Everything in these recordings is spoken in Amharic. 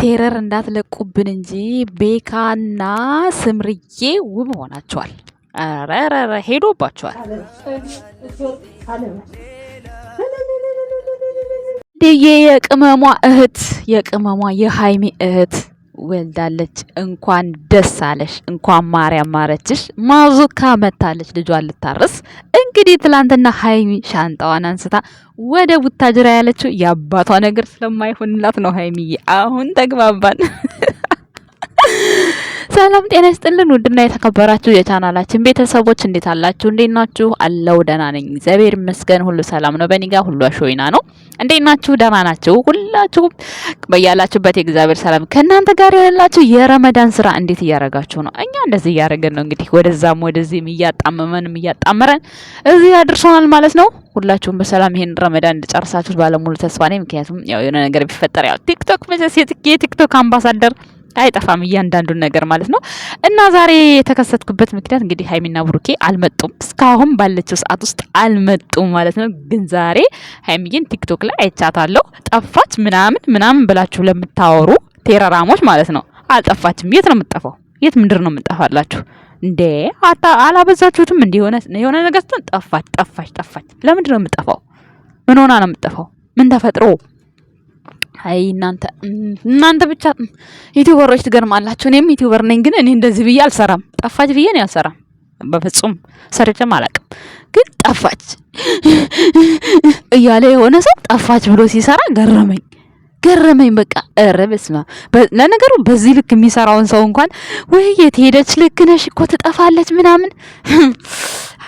ቴረር እንዳትለቁብን እንጂ ቤካና ስምርዬ ውብ ሆናቸዋል። ረረረ ሄዶባቸዋል። እንዲህ የቅመሟ እህት የቅመሟ የሀይሚ እህት ወልዳለች። እንኳን ደስ አለሽ፣ እንኳን ማርያም ማረችሽ። ማዙካ መታለች ልጇን ልታርስ። እንግዲህ ትላንትና ሀይሚ ሻንጣዋን አንስታ ወደ ቡታጅራ ያለችው የአባቷ ነገር ስለማይሆንላት ነው። ሀይሚዬ አሁን ተግባባን። ሰላም ጤና ይስጥልን። ውድና የተከበራችሁ የቻናላችን ቤተሰቦች እንዴት አላችሁ? እንዴት ናችሁ? አለው ደህና ነኝ፣ እግዚአብሔር ይመስገን። ሁሉ ሰላም ነው በእኔ ጋር፣ ሁሉ አሾይና ነው። እንዴት ናችሁ? ደህና ናችሁ? ሁላችሁም በያላችሁበት የእግዚአብሔር ሰላም ከእናንተ ጋር ይሆንላችሁ። የረመዳን ስራ እንዴት እያረጋችሁ ነው? እኛ እንደዚህ እያረገን ነው። እንግዲህ ወደዛም ወደዚህም እያጣመመንም እያጣመረን እዚህ አድርሶናል ማለት ነው። ሁላችሁም በሰላም ይሄን ረመዳን እንደጨርሳችሁ ባለሙሉ ተስፋ ነኝ። ምክንያቱም ያው የሆነ ነገር ቢፈጠር ያው ቲክቶክ መቼስ የቲክቶክ አምባሳደር አይጠፋም እያንዳንዱን ነገር ማለት ነው። እና ዛሬ የተከሰትኩበት ምክንያት እንግዲህ ሀይሚና ብሩኬ አልመጡም፣ እስካሁን ባለችው ሰዓት ውስጥ አልመጡም ማለት ነው። ግን ዛሬ ሀይሚዬን ቲክቶክ ላይ አይቻታለሁ። ጠፋች ምናምን ምናምን ብላችሁ ለምታወሩ ቴረራሞች ማለት ነው፣ አልጠፋችም። የት ነው የምጠፋው? የት ምንድር ነው የምጠፋላችሁ? እንዴ አላበዛችሁትም? እንዲ የሆነ ነገር ጠፋች ጠፋች ጠፋች። ለምንድን ነው የምጠፋው? ምን ሆና ነው የምጠፋው? ምን ተፈጥሮ አይ እናንተ እናንተ ብቻ ዩቲዩበሮች ትገርማላችሁ። እኔም ዩቲዩበር ነኝ፣ ግን እኔ እንደዚህ ብዬ አልሰራም። ጠፋች ብዬ ነው አልሰራም፣ በፍጹም ሰርቼም አላውቅም። ግን ጠፋች እያለ የሆነ ሰው ጠፋች ብሎ ሲሰራ ገረመኝ ገረመኝ በቃ ኧረ በስመ አብ። ለነገሩ በዚህ ልክ የሚሰራውን ሰው እንኳን ወይ የት ሄደች፣ ልክ ነሽ እኮ ትጠፋለች ምናምን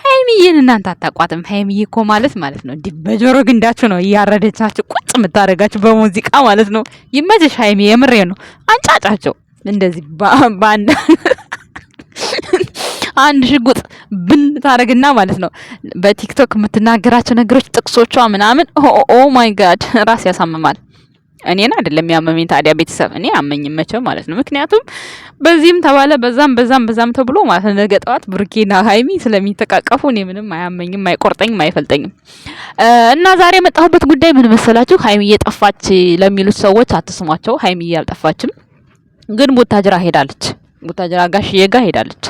ሀይሚዬን እናንተ አታቋጥም። ሀይሚዬ እኮ ማለት ማለት ነው እንዲህ በጆሮ ግንዳችሁ ነው እያረደቻችሁ ቁጭ የምታደርጋችሁ በሙዚቃ ማለት ነው። ይመችሽ ሀይሚ፣ የምሬ ነው። አንጫጫቸው እንደዚህ በአንድ አንድ ሽጉጥ ብን ታደርግና ማለት ነው በቲክቶክ የምትናገራቸው ነገሮች ጥቅሶቿ ምናምን ኦ ማይ ጋድ ራስ ያሳምማል። እኔን አይደለም ያመመኝ ታዲያ ቤተሰብ እኔ አመኝ መቸው ማለት ነው። ምክንያቱም በዚህም ተባለ በዛም በዛም በዛም ተብሎ ማለት ነው ነገ ጠዋት ብሩኬና ሀይሚ ስለሚተቃቀፉ እኔ ምንም አያመኝም፣ አይቆርጠኝም፣ አይፈልጠኝም። እና ዛሬ የመጣሁበት ጉዳይ ምን መሰላችሁ? ሀይሚ እየጠፋች ለሚሉት ሰዎች አትስሟቸው። ሀይሚ አልጠፋችም፣ ግን ቡታጅራ ሄዳለች። ቡታጅራ ጋሽዬ ጋ ሄዳለች።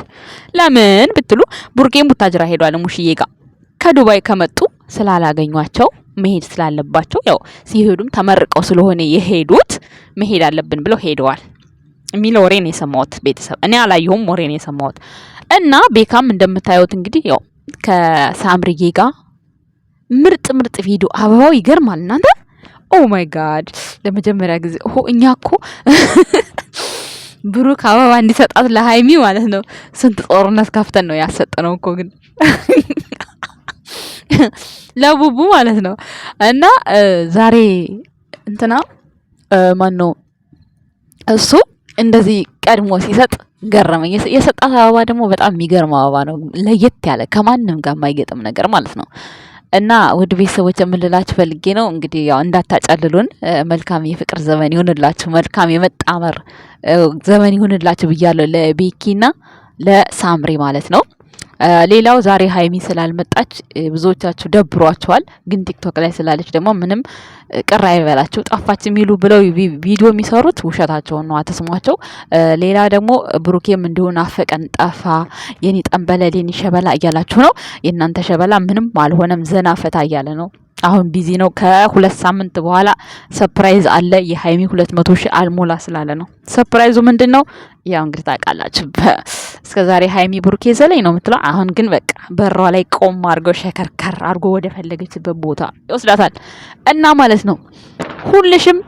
ለምን ብትሉ ቡርኬን ቡታጅራ ሄዷል ሙሽዬ ጋ ከዱባይ ከመጡ ስላላገኟቸው መሄድ ስላለባቸው ያው ሲሄዱም ተመርቀው ስለሆነ የሄዱት መሄድ አለብን ብለው ሄደዋል የሚል ወሬን የሰማሁት ቤተሰብ እኔ አላየሁም፣ ወሬን የሰማሁት እና ቤካም እንደምታዩት እንግዲህ ያው ከሳምርዬ ጋር ምርጥ ምርጥ ቪዲዮ አበባው ይገርማል እናንተ። ኦ ማይ ጋድ ለመጀመሪያ ጊዜ ሆ እኛ ኮ ብሩክ አበባ እንዲሰጣት ለሀይሚ ማለት ነው። ስንት ጦርነት ካፍተን ነው ያሰጠነው እኮ ግን ለቡቡ ማለት ነው። እና ዛሬ እንትና ማን ነው እሱ እንደዚህ ቀድሞ ሲሰጥ ገረመኝ። የሰጣት አበባ ደግሞ በጣም የሚገርም አበባ ነው፣ ለየት ያለ ከማንም ጋር የማይገጥም ነገር ማለት ነው። እና ውድ ቤተሰቦች የምንላችሁ ፈልጌ ነው እንግዲህ ያው እንዳታጨልሉን። መልካም የፍቅር ዘመን ይሁንላችሁ፣ መልካም የመጣመር ዘመን ይሁንላችሁ ብያለሁ ለቤኪና ለሳምሪ ማለት ነው። ሌላው ዛሬ ሀይሚ ስላልመጣች ብዙዎቻችሁ ደብሯቸዋል። ግን ቲክቶክ ላይ ስላለች ደግሞ ምንም ቅር አይበላችሁ። ጠፋች የሚሉ ብለው ቪዲዮ የሚሰሩት ውሸታቸውን ነው፣ አተስሟቸው። ሌላ ደግሞ ብሩኬም እንዲሁን አፈቀን ጠፋ፣ የኔ ጠንበለል፣ የኔ ሸበላ እያላችሁ ነው። የእናንተ ሸበላ ምንም አልሆነም፣ ዘና ፈታ እያለ ነው። አሁን ቢዚ ነው። ከሁለት ሳምንት በኋላ ሰፕራይዝ አለ። የሀይሚ ሁለት መቶ ሺህ አልሞላ ስላለ ነው። ሰፕራይዙ ምንድን ነው? ያው እንግዲህ ታውቃላችሁ። እስከ ዛሬ ሀይሚ ቡርኬ ዘለኝ ነው የምትለው። አሁን ግን በቃ በሯ ላይ ቆም አድርገው ሸከርከር አድርጎ ወደ ፈለገችበት ቦታ ይወስዳታል እና ማለት ነው ሁልሽም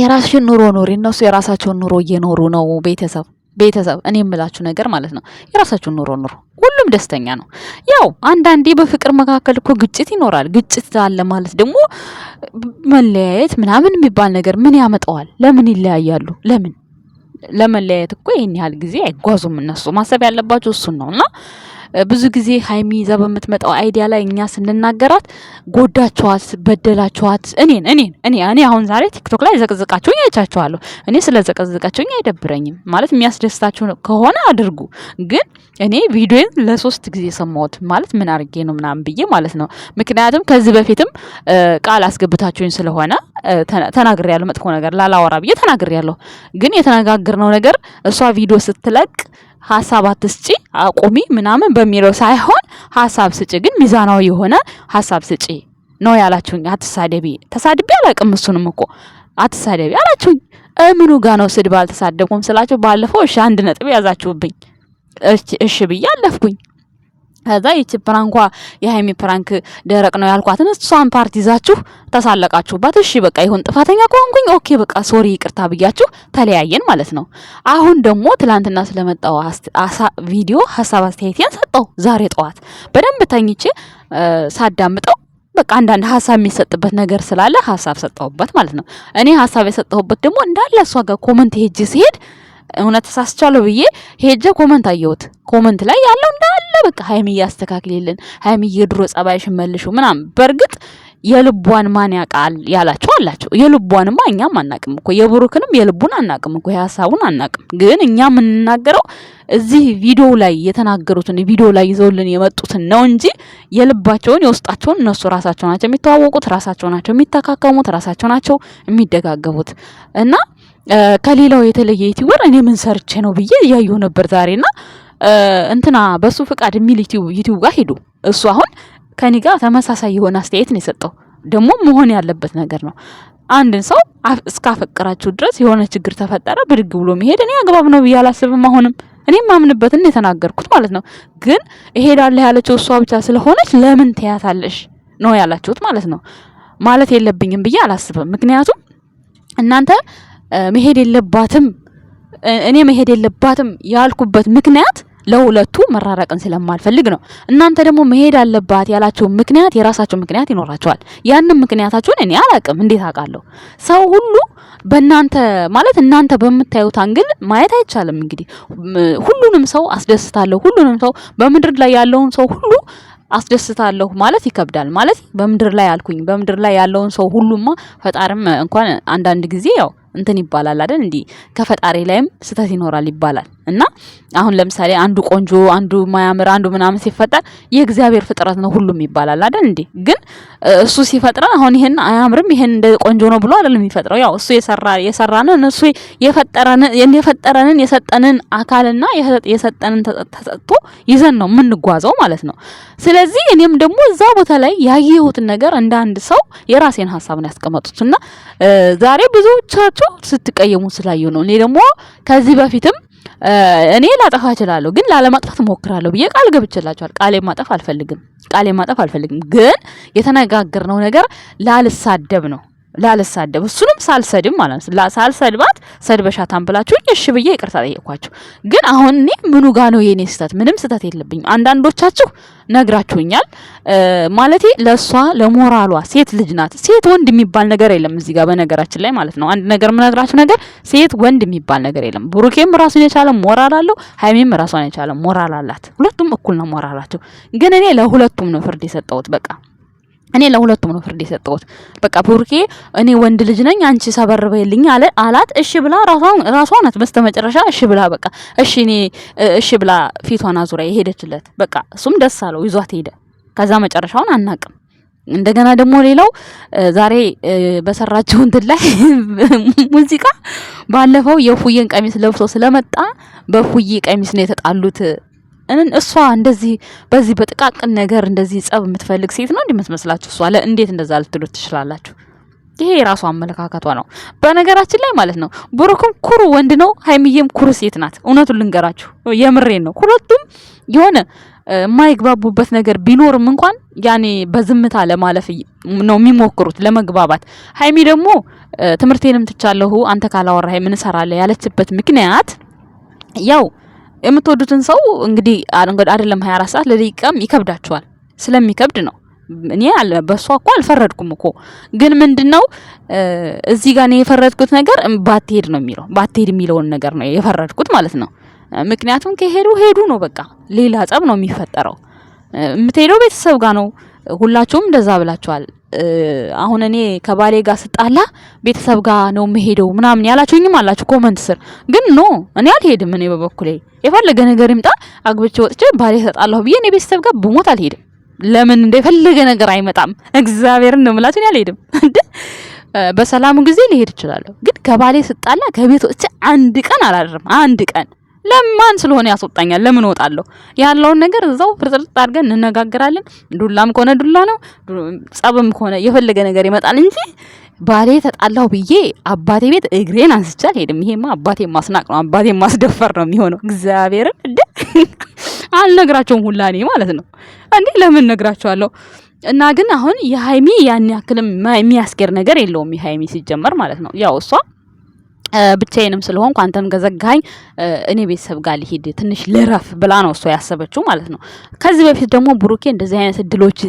የራስሽን ኑሮ ኖሪ። እነሱ የራሳቸውን ኑሮ እየኖሩ ነው ቤተሰብ ቤተሰብ እኔ የምላችሁ ነገር ማለት ነው፣ የራሳችሁን ኑሮ ኑሮ። ሁሉም ደስተኛ ነው። ያው አንዳንዴ በፍቅር መካከል እኮ ግጭት ይኖራል። ግጭት አለ ማለት ደግሞ መለያየት ምናምን የሚባል ነገር ምን ያመጣዋል? ለምን ይለያያሉ? ለምን ለመለያየት እኮ ይህን ያህል ጊዜ አይጓዙም። እነሱ ማሰብ ያለባቸው እሱን ነው እና ብዙ ጊዜ ሀይሚ ይዛ በምትመጣው አይዲያ ላይ እኛ ስንናገራት ጎዳችኋት፣ በደላችኋት። እኔን እኔን እኔ እኔ አሁን ዛሬ ቲክቶክ ላይ ዘቅዝቃችሁ አይቻችኋለሁ። እኔ ስለ ዘቅዝቃችሁኝ አይደብረኝም። ማለት የሚያስደስታችሁ ከሆነ አድርጉ። ግን እኔ ቪዲዮን ለሶስት ጊዜ ሰማሁት ማለት ምን አድርጌ ነው ምናምን ብዬ ማለት ነው። ምክንያቱም ከዚህ በፊትም ቃል አስገብታችሁኝ ስለሆነ ተናግሬ ያለሁ መጥፎ ነገር ላላወራ ብዬ ተናግሬ ያለሁ። ግን የተነጋገርነው ነገር እሷ ቪዲዮ ስትለቅ ሀሳብ አትስጪ አቁሚ ምናምን በሚለው ሳይሆን ሀሳብ ስጪ፣ ግን ሚዛናዊ የሆነ ሀሳብ ስጪ ነው ያላችሁኝ። አትሳደቢ ተሳድቤ አላቅም። እሱንም እኮ አትሳደቢ አላችሁኝ። እምኑ ጋ ነው ስድብ አልተሳደብኩም ስላችሁ፣ ባለፈው እሺ አንድ ነጥብ ያዛችሁብኝ። እሺ ብዬ አለፍኩኝ። ከዛ ይቺ ፕራንኳ የሀይሚ ፕራንክ ደረቅ ነው ያልኳትን እሷን ፓርቲ ይዛችሁ ተሳለቃችሁባት። እሺ በቃ ይሁን ጥፋተኛ ከሆንኩኝ ኦኬ በቃ ሶሪ ይቅርታ ብያችሁ ተለያየን ማለት ነው። አሁን ደግሞ ትላንትና ስለመጣው ቪዲዮ ሀሳብ አስተያየቴን ሰጠው። ዛሬ ጠዋት በደንብ ተኝቼ ሳዳምጠው በቃ አንዳንድ ሀሳብ የሚሰጥበት ነገር ስላለ ሀሳብ ሰጠሁበት ማለት ነው። እኔ ሀሳብ የሰጠሁበት ደግሞ እንዳለ እሷ ጋር ኮመንት ሄጄ ሲሄድ እውነት ተሳስቻለሁ ብዬ ሄጀ ኮመንት አየሁት። ኮመንት ላይ ያለው እንዳለ በቃ ሀይሚዬ አስተካክልልን፣ ሀይሚዬ ድሮ ጸባይሽን መልሹ ምናምን በእርግጥ የልቧን ማን ያውቃል ያላችሁ አላችሁ። የልቧንማ እኛም አናቅም እኮ የብሩክንም የልቡን አናቅም እኮ የሀሳቡን አናቅም። ግን እኛ የምንናገረው እዚህ ቪዲዮ ላይ የተናገሩትን ቪዲዮ ላይ ይዘውልን የመጡትን ነው እንጂ የልባቸውን የውስጣቸውን እነሱ ራሳቸው ናቸው የሚተዋወቁት፣ ራሳቸው ናቸው የሚተካከሙት፣ ራሳቸው ናቸው የሚደጋገቡት እና ከሌላው የተለየ ዩቲዩበር እኔ ምን ሰርቼ ነው ብዬ እያየሁ ነበር ዛሬና እንትና በሱ ፍቃድ የሚል ዩቲዩብ ጋር ሄዱ እሱ አሁን ከኔ ጋር ተመሳሳይ የሆነ አስተያየት ነው የሰጠው። ደግሞ መሆን ያለበት ነገር ነው። አንድን ሰው እስካፈቀራችሁ ድረስ የሆነ ችግር ተፈጠረ ብድግ ብሎ መሄድ እኔ አግባብ ነው ብዬ አላስብም። አሁንም እኔ ማምንበትን የተናገርኩት ማለት ነው። ግን እሄዳለሁ ያለችው እሷ ብቻ ስለሆነች ለምን ትያታለሽ ነው ያላችሁት ማለት ነው። ማለት የለብኝም ብዬ አላስብም። ምክንያቱም እናንተ መሄድ የለባትም እኔ መሄድ የለባትም ያልኩበት ምክንያት ለሁለቱ መራረቅን ስለማልፈልግ ነው። እናንተ ደግሞ መሄድ አለባት ያላችሁ ምክንያት የራሳችሁ ምክንያት ይኖራቸዋል። ያንን ምክንያታችሁን እኔ አላቅም፣ እንዴት አውቃለሁ? ሰው ሁሉ በእናንተ ማለት እናንተ በምታዩት አንግል ማየት አይቻልም። እንግዲህ ሁሉንም ሰው አስደስታለሁ፣ ሁሉንም ሰው በምድር ላይ ያለውን ሰው ሁሉ አስደስታለሁ ማለት ይከብዳል። ማለት በምድር ላይ አልኩኝ፣ በምድር ላይ ያለውን ሰው ሁሉማ ፈጣሪም እንኳን አንዳንድ ጊዜ ያው እንትን ይባላል አይደል? እንዲህ ከፈጣሪ ላይም ስህተት ይኖራል ይባላል። እና አሁን ለምሳሌ አንዱ ቆንጆ አንዱ ማያምር አንዱ ምናምን ሲፈጠር የእግዚአብሔር ፍጥረት ነው ሁሉም ይባላል አይደል እንዴ? ግን እሱ ሲፈጥረን አሁን ይሄን አያምርም ይሄን እንደ ቆንጆ ነው ብሎ አይደለም የሚፈጥረው። ያው እሱ የሰራ የሰራንን እሱ የፈጠረንን የፈጠረንን የሰጠንን አካልና የሰጠንን ተሰጥቶ ይዘን ነው የምንጓዘው ማለት ነው። ስለዚህ እኔም ደግሞ እዛ ቦታ ላይ ያየሁትን ነገር እንደ አንድ ሰው የራሴን ሀሳብ ነው ያስቀመጡት እና ዛሬ ብዙዎቻቸው ስትቀየሙ ስላየሁ ነው። እኔ ደግሞ ከዚህ በፊትም እኔ ላጠፋ እችላለሁ፣ ግን ላለማጥፋት እሞክራለሁ ብዬ ቃል ገብቼላችኋል። ቃሌ ማጠፍ አልፈልግም፣ ቃሌ ማጠፍ አልፈልግም። ግን የተነጋገርነው ነገር ላልሳደብ ነው ላልሳደብ እሱንም ሳልሰድብ ማለት ነው። ሳልሰድባት ሰድበሻታን ብላችሁኝ እሺ ብዬ ይቅርታ ጠየቅኳችሁ። ግን አሁን እኔ ምኑ ጋ ነው የኔ ስህተት? ምንም ስህተት የለብኝም። አንዳንዶቻችሁ ነግራችሁኛል። ማለቴ ለእሷ ለሞራሏ ሴት ልጅ ናት። ሴት ወንድ የሚባል ነገር የለም እዚህ ጋር በነገራችን ላይ ማለት ነው። አንድ ነገር የምነግራችሁ ነገር ሴት ወንድ የሚባል ነገር የለም። ብሩኬም ራሱን የቻለ ሞራል አለው፣ ሀይሜም ራሷን የቻለ ሞራል አላት። ሁለቱም እኩል ነው ሞራላቸው። ግን እኔ ለሁለቱም ነው ፍርድ የሰጠሁት በቃ እኔ ለሁለቱም ነው ፍርድ የሰጠሁት። በቃ ቡርኬ እኔ ወንድ ልጅ ነኝ አንቺ ሰበር በይልኝ አለ አላት። እሺ ብላ ራሷን አት በስተመጨረሻ እሺ ብላ በቃ እሺ እኔ እሺ ብላ ፊቷን አዙሪያ የሄደችለት በቃ እሱም ደስ አለው ይዟት ሄደ። ከዛ መጨረሻውን አናቅም። እንደገና ደግሞ ሌላው ዛሬ በሰራችው እንትን ላይ ሙዚቃ ባለፈው የእፉዬን ቀሚስ ለብሶ ስለመጣ በፉዬ ቀሚስ ነው የተጣሉት እንን እሷ እንደዚህ በዚህ በጥቃቅን ነገር እንደዚህ ጸብ የምትፈልግ ሴት ነው እንደምትመስላችሁ? እሷ እንዴት እንደዛ ልትሉ ትችላላችሁ? ይሄ የራሷ አመለካከቷ ነው። በነገራችን ላይ ማለት ነው ብሩክም ኩሩ ወንድ ነው፣ ሀይሚዬም ኩሩ ሴት ናት። እውነቱን ልንገራችሁ፣ የምሬን ነው። ሁለቱም የሆነ የማይግባቡበት ነገር ቢኖርም እንኳን ያኔ በዝምታ ለማለፍ ነው የሚሞክሩት ለመግባባት። ሀይሚ ደግሞ ትምህርቴንም ትቻለሁ አንተ ካላወራ ምን እሰራለሁ ያለችበት ምክንያት ያው የምትወዱትን ሰው እንግዲህ አይደለም አራት ሰዓት ለደቂቃም ይከብዳቸዋል። ስለሚከብድ ነው። እኔ በሷ እኮ አልፈረድኩም እኮ ግን ምንድነው እዚህ ጋር የፈረድኩት ነገር ባትሄድ ነው የሚለው ባትሄድ የሚለውን ነገር ነው የፈረድኩት ማለት ነው። ምክንያቱም ከሄዱ ሄዱ ነው በቃ ሌላ ጸብ ነው የሚፈጠረው። የምትሄደው ቤተሰብ ጋር ነው ሁላችሁም እንደዛ ብላችኋል። አሁን እኔ ከባሌ ጋር ስጣላ ቤተሰብ ጋር ነው የምሄደው ምናምን ያላችሁኝም አላችሁ ኮመንት ስር። ግን ኖ እኔ አልሄድም። እኔ በበኩሌ የፈለገ ነገር ይምጣ አግብቼ ወጥቼ ባሌ ተጣላሁ ብዬ እኔ ቤተሰብ ጋር ብሞት አልሄድም። ለምን እንደፈለገ ነገር አይመጣም። እግዚአብሔርን ነው የምላችሁ። አልሄድም። በሰላሙ ጊዜ ሊሄድ እችላለሁ። ግን ከባሌ ስጣላ ከቤት ወጥቼ አንድ ቀን አላድርም። አንድ ቀን ለማን ስለሆነ ያስወጣኛል? ለምን እወጣለሁ? ያለውን ነገር እዛው ፍርጥርጥ አድርገን እንነጋገራለን። ዱላም ከሆነ ዱላ ነው፣ ጸብም ከሆነ የፈለገ ነገር ይመጣል እንጂ ባሌ ተጣላሁ ብዬ አባቴ ቤት እግሬን አንስቼ አልሄድም። ይሄማ አባቴ ማስናቅ ነው፣ አባቴ ማስደፈር ነው የሚሆነው። እግዚአብሔርን እንደ አልነግራቸውም ሁላ ማለት ነው። እንዴ ለምን ነግራቸዋለሁ? እና ግን አሁን የሀይሚ ያን ያክልም የሚያስገር ነገር የለውም። የሀይሚ ሲጀመር ማለት ነው ያው እሷ ብቻዬንም ስለሆንኩ አንተም ገዘጋኝ፣ እኔ ቤተሰብ ጋር ሊሄድ ትንሽ ልረፍ ብላ ነው እሷ ያሰበችው ማለት ነው። ከዚህ በፊት ደግሞ ብሩኬ እንደዚህ አይነት እድሎች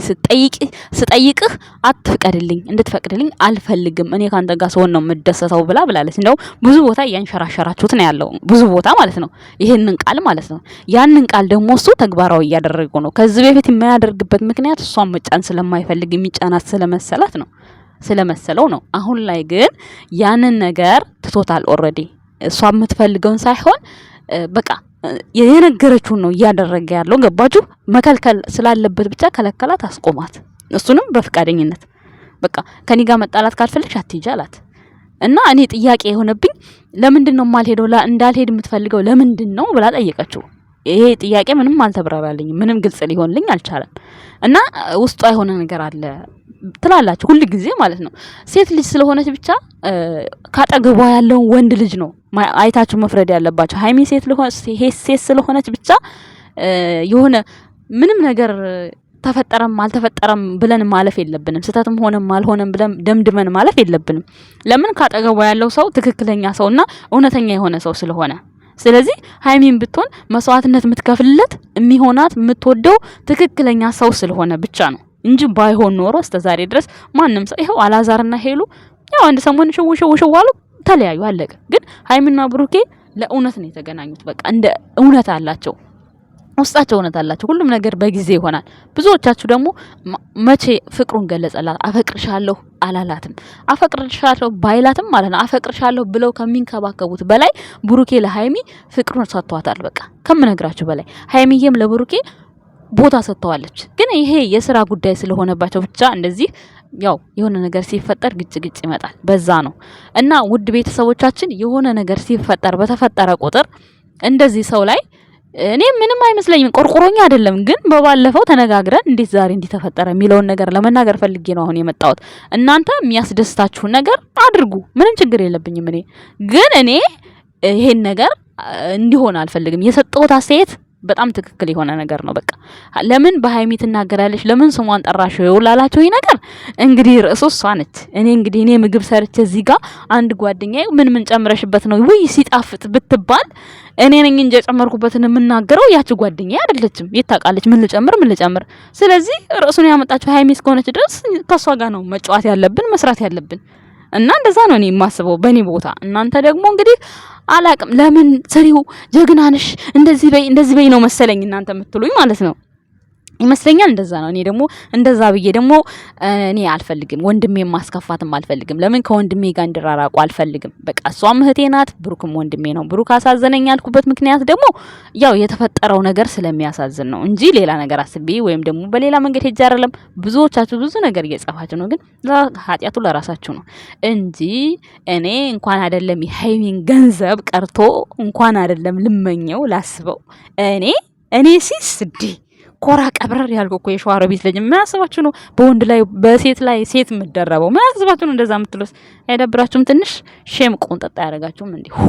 ስጠይቅህ አትፍቀድልኝ፣ እንድትፈቅድልኝ አልፈልግም፣ እኔ ከአንተ ጋር ሰሆን ነው የምደሰተው ብላ ብላለች። እንደው ብዙ ቦታ እያንሸራሸራችሁት ነው ያለው፣ ብዙ ቦታ ማለት ነው፣ ይህንን ቃል ማለት ነው። ያንን ቃል ደግሞ እሱ ተግባራዊ እያደረገው ነው። ከዚህ በፊት የማያደርግበት ምክንያት እሷን መጫን ስለማይፈልግ የሚጫናት ስለመሰላት ነው። ስለመሰለው ነው። አሁን ላይ ግን ያንን ነገር ትቶታል። ኦልሬዲ እሷ የምትፈልገውን ሳይሆን በቃ የነገረችውን ነው እያደረገ ያለው። ገባችሁ? መከልከል ስላለበት ብቻ ከለከላት፣ አስቆማት። እሱንም በፍቃደኝነት በቃ ከኔ ጋር መጣላት ካልፈለግሽ አትሂጂ አላት። እና እኔ ጥያቄ የሆነብኝ ለምንድን ነው የማልሄደው? እንዳልሄድ የምትፈልገው ለምንድን ነው ብላ ጠየቀችው። ይሄ ጥያቄ ምንም አልተብራራልኝም። ምንም ግልጽ ሊሆንልኝ አልቻለም። እና ውስጧ የሆነ ነገር አለ ትላላችሁ ሁል ጊዜ ማለት ነው። ሴት ልጅ ስለሆነች ብቻ ካጠገቧ ያለውን ወንድ ልጅ ነው አይታችሁ መፍረድ ያለባቸው። ሀይሚ ሴት ሴት ስለሆነች ብቻ የሆነ ምንም ነገር ተፈጠረም አልተፈጠረም ብለን ማለፍ የለብንም። ስህተትም ሆነም አልሆነም ብለን ደምድመን ማለፍ የለብንም። ለምን ካጠገቧ ያለው ሰው ትክክለኛ እና እውነተኛ የሆነ ሰው ስለሆነ ስለዚህ ሀይሚን ብትሆን መስዋዕትነት የምትከፍልለት የሚሆናት የምትወደው ትክክለኛ ሰው ስለሆነ ብቻ ነው እንጂ ባይሆን ኖሮ እስከ ዛሬ ድረስ ማንም ሰው ይኸው አላዛርና ሄሉ ያው አንድ ሰሞን ሽው ሽው ሽው አሉ፣ ተለያዩ፣ አለቀ። ግን ሀይሚና ብሩኬ ለእውነት ነው የተገናኙት። በቃ እንደ እውነት አላቸው። ውስጣቸው እውነት አላቸው። ሁሉም ነገር በጊዜ ይሆናል። ብዙዎቻችሁ ደግሞ መቼ ፍቅሩን ገለጸላት? አፈቅርሻለሁ አላላትም። አፈቅርሻለሁ ባይላትም ማለት ነው አፈቅርሻለሁ ብለው ከሚንከባከቡት በላይ ብሩኬ ለሀይሚ ፍቅሩን ሰጥቷታል። በቃ ከምነግራችሁ በላይ ሀይሚዬም ለብሩኬ ቦታ ሰጥተዋለች። ግን ይሄ የስራ ጉዳይ ስለሆነባቸው ብቻ እንደዚህ ያው የሆነ ነገር ሲፈጠር ግጭ ግጭ ይመጣል። በዛ ነው እና ውድ ቤተሰቦቻችን የሆነ ነገር ሲፈጠር በተፈጠረ ቁጥር እንደዚህ ሰው ላይ እኔ ምንም አይመስለኝም። ቆርቆሮኛ አይደለም ግን በባለፈው ተነጋግረን እንዴት ዛሬ እንዲተፈጠረ የሚለውን ነገር ለመናገር ፈልጌ ነው አሁን የመጣሁት። እናንተ የሚያስደስታችሁን ነገር አድርጉ። ምንም ችግር የለብኝም። እኔ ግን እኔ ይሄን ነገር እንዲሆን አልፈልግም። የሰጠሁት አስተያየት በጣም ትክክል የሆነ ነገር ነው። በቃ ለምን በሀይሚ ትናገራለች፣ ለምን ስሟን ጠራሽ ላላቸው ይህ ነገር እንግዲህ ርዕሱ እሷ ነች። እኔ እንግዲህ እኔ ምግብ ሰርቼ እዚህ ጋር አንድ ጓደኛዬ ምን ምን ጨምረሽበት ነው ውይ ሲጣፍጥ ብትባል እኔ ነኝ እንጂ የጨመርኩበትን የምናገረው ያቺ ጓደኛዬ አይደለችም። ይታቃለች ምን ልጨምር ምን ልጨምር። ስለዚህ ርዕሱን ያመጣችው ሀይሚ እስከሆነች ድረስ ከእሷ ጋር ነው መጫወት ያለብን መስራት ያለብን። እና እንደዛ ነው እኔ የማስበው በእኔ ቦታ። እናንተ ደግሞ እንግዲህ አላቅም ለምን ስሪው ጀግናንሽ እንደዚህ በይ እንደዚህ በይ ነው መሰለኝ እናንተ የምትሉኝ ማለት ነው። ይመስለኛል እንደዛ ነው። እኔ ደግሞ እንደዛ ብዬ ደግሞ እኔ አልፈልግም፣ ወንድሜ ማስከፋትም አልፈልግም። ለምን ከወንድሜ ጋር እንድራራቁ አልፈልግም። በቃ እሷም እህቴ ናት፣ ብሩክም ወንድሜ ነው። ብሩክ አሳዘነኝ ያልኩበት ምክንያት ደግሞ ያው የተፈጠረው ነገር ስለሚያሳዝን ነው እንጂ ሌላ ነገር አስቤ ወይም ደግሞ በሌላ መንገድ ሄጄ አይደለም። ብዙዎቻችሁ ብዙ ነገር እየጻፋችሁ ነው፣ ግን ኃጢአቱ ለራሳችሁ ነው እንጂ እኔ እንኳን አይደለም የሀይሚን ገንዘብ ቀርቶ እንኳን አይደለም ልመኘው ላስበው እኔ እኔ ሲስ ኮራ ቀብረር ያልኩ እኮ የሸዋሮ ቤት ልጅ የሚያስባችሁ ነው። በወንድ ላይ በሴት ላይ ሴት የምደረበው የሚያስባችሁ ነው። እንደዛ የምትሉስ አይደብራችሁም? ትንሽ ሼም ቆንጠጣ ያደርጋችሁም እንዴ? ሆ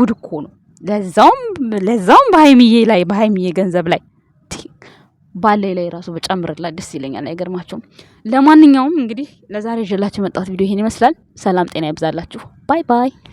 ጉድ እኮ ነው። ለዛውም ለዛውም በሀይሚዬ ላይ በሀይሚዬ ገንዘብ ላይ ባሌ ላይ ራሱ በጨምርላት ደስ ይለኛል። አይገርማችሁም? ለማንኛውም እንግዲህ ለዛሬ ይዤላችሁ የመጣሁት ቪዲዮ ይሄን ይመስላል። ሰላም ጤና ይብዛላችሁ። ባይ ባይ